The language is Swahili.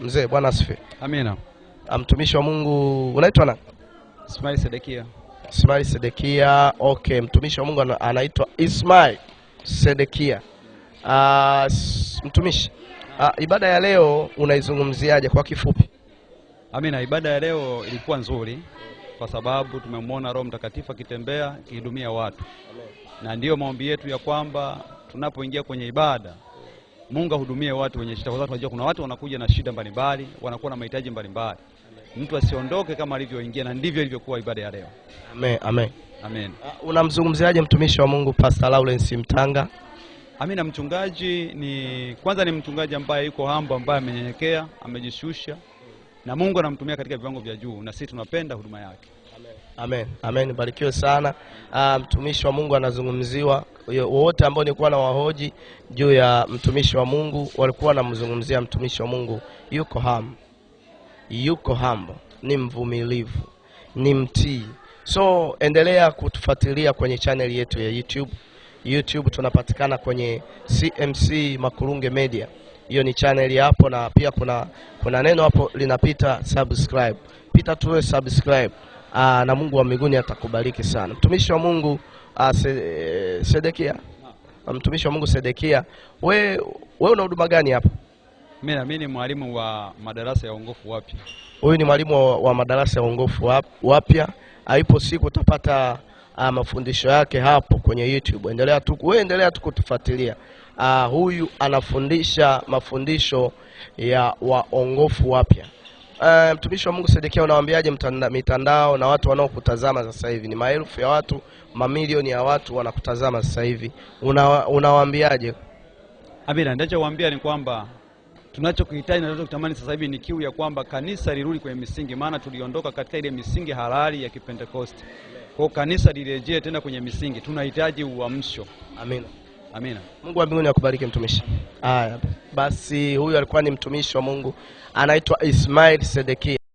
Mzee, Bwana asifiwe. Amina. Ah, mtumishi wa Mungu unaitwa nani? Ismail Sedekia. Ismail Sedekia. Okay, mtumishi wa Mungu anaitwa Ismail Sedekia. Uh, mtumishi uh, ibada ya leo unaizungumziaje kwa kifupi? Amina, ibada ya leo ilikuwa nzuri kwa sababu tumemwona Roho Mtakatifu akitembea akihudumia watu, na ndiyo maombi yetu ya kwamba tunapoingia kwenye ibada Mungu ahudumie watu wenye shida, kwa sababu tunajua kuna watu wanakuja na shida mbalimbali, wanakuwa na mahitaji mbalimbali. Mtu asiondoke kama alivyoingia, na ndivyo ilivyokuwa ibada ya leo. Amen, amen, amen. Uh, unamzungumziaje mtumishi wa Mungu Pastor Lawrence Mtanga? Amina, mchungaji ni kwanza, ni mchungaji ambaye yuko hambo, ambaye amenyenyekea, amejishusha na Mungu anamtumia katika viwango vya juu, na sisi tunapenda huduma yake. Amen, amen, barikiwe sana. Ah, mtumishi wa Mungu anazungumziwa. Wote ambao nilikuwa na wahoji juu ya mtumishi wa Mungu walikuwa wanamzungumzia mtumishi wa Mungu yuko ham, yuko hambo, ni mvumilivu, ni mtii. So endelea kutufuatilia kwenye chaneli yetu ya YouTube. YouTube tunapatikana kwenye CMC Makurunge Media hiyo ni channel hapo, na pia kuna, kuna neno hapo linapita subscribe. Pita tuwe subscribe. Aa, ah, na Mungu wa mbinguni atakubariki sana mtumishi wa Mungu aa, ah, se, Sedekia ah, mtumishi wa Mungu Sedekia, we, we una huduma gani hapa? Mimi ni mwalimu wa madarasa ya uongofu wapya. Huyu ni mwalimu wa, wa madarasa ya uongofu wapya. Aipo siku utapata Ah, mafundisho yake hapo kwenye YouTube. Endelea tu wewe, endelea tu kutufuatilia. Ah, huyu anafundisha mafundisho ya waongofu wapya. Eh, mtumishi wa Mungu Sedekia, unawaambiaje mitandao na watu wanaokutazama sasa hivi? Ni maelfu ya watu, mamilioni ya watu wanakutazama sasa hivi, unawaambiaje? Amina, ninachowaambia ni kwamba tunachokihitaji na tunachokitamani sasa hivi ni kiu ya kwamba kanisa lirudi kwenye misingi, maana tuliondoka katika ile misingi halali ya Kipentekoste. Kwa kanisa lirejee tena kwenye misingi, tunahitaji uamsho. Amina. Amina. Mungu wa mbinguni akubariki mtumishi. Haya, basi huyu alikuwa ni mtumishi wa Mungu anaitwa Ismail Sedekia.